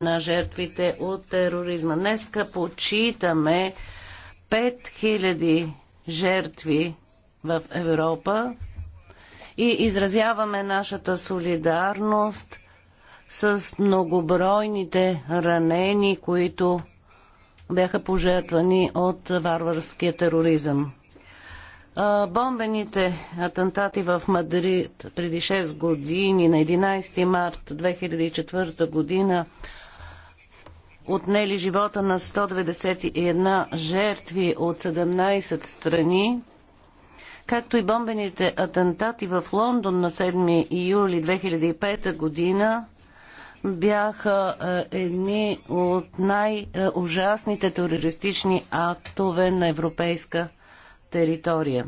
на жертвите от тероризма. Днеска почитаме 5000 жертви в Европа и изразяваме нашата солидарност с многобройните ранени, които бяха пожертвани от варварския тероризъм. Бомбените атентати в Мадрид преди 6 години на 11 март 2004 година отнели живота на 191 жертви от 17 страни, както и бомбените атентати в Лондон на 7 юли 2005 година бяха е, едни от най-ужасните терористични актове на европейска територия.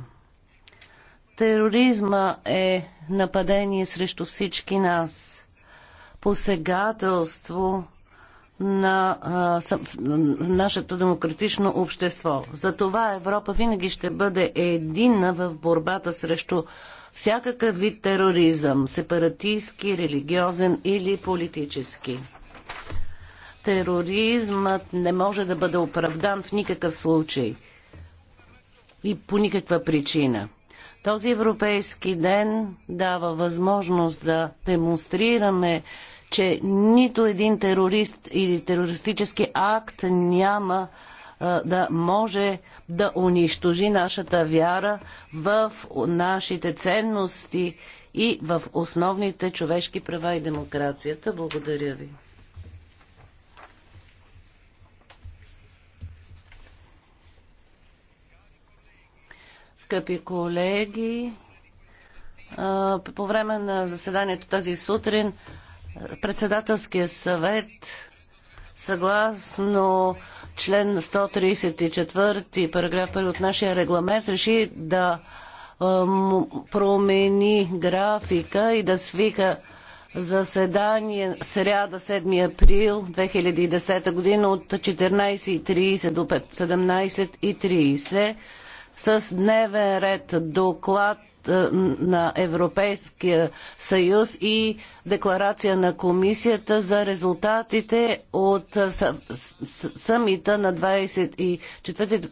Тероризма е нападение срещу всички нас, посегателство – на а, съ, нашето демократично общество. Затова Европа винаги ще бъде единна в борбата срещу всякакъв вид тероризъм, сепаратистски, религиозен или политически. Тероризмът не може да бъде оправдан в никакъв случай и по никаква причина. Този европейски ден дава възможност да демонстрираме че нито един терорист или терористически акт няма да може да унищожи нашата вяра в нашите ценности и в основните човешки права и демокрацията. Благодаря ви. Скъпи колеги, по време на заседанието тази сутрин Председателския съвет съгласно член 134 параграф 1 от нашия регламент реши да промени графика и да свика заседание сряда 7 април 2010 година от 14.30 до 17.30 с дневен ред доклад на Европейския съюз и декларация на комисията за резултатите от самита на 24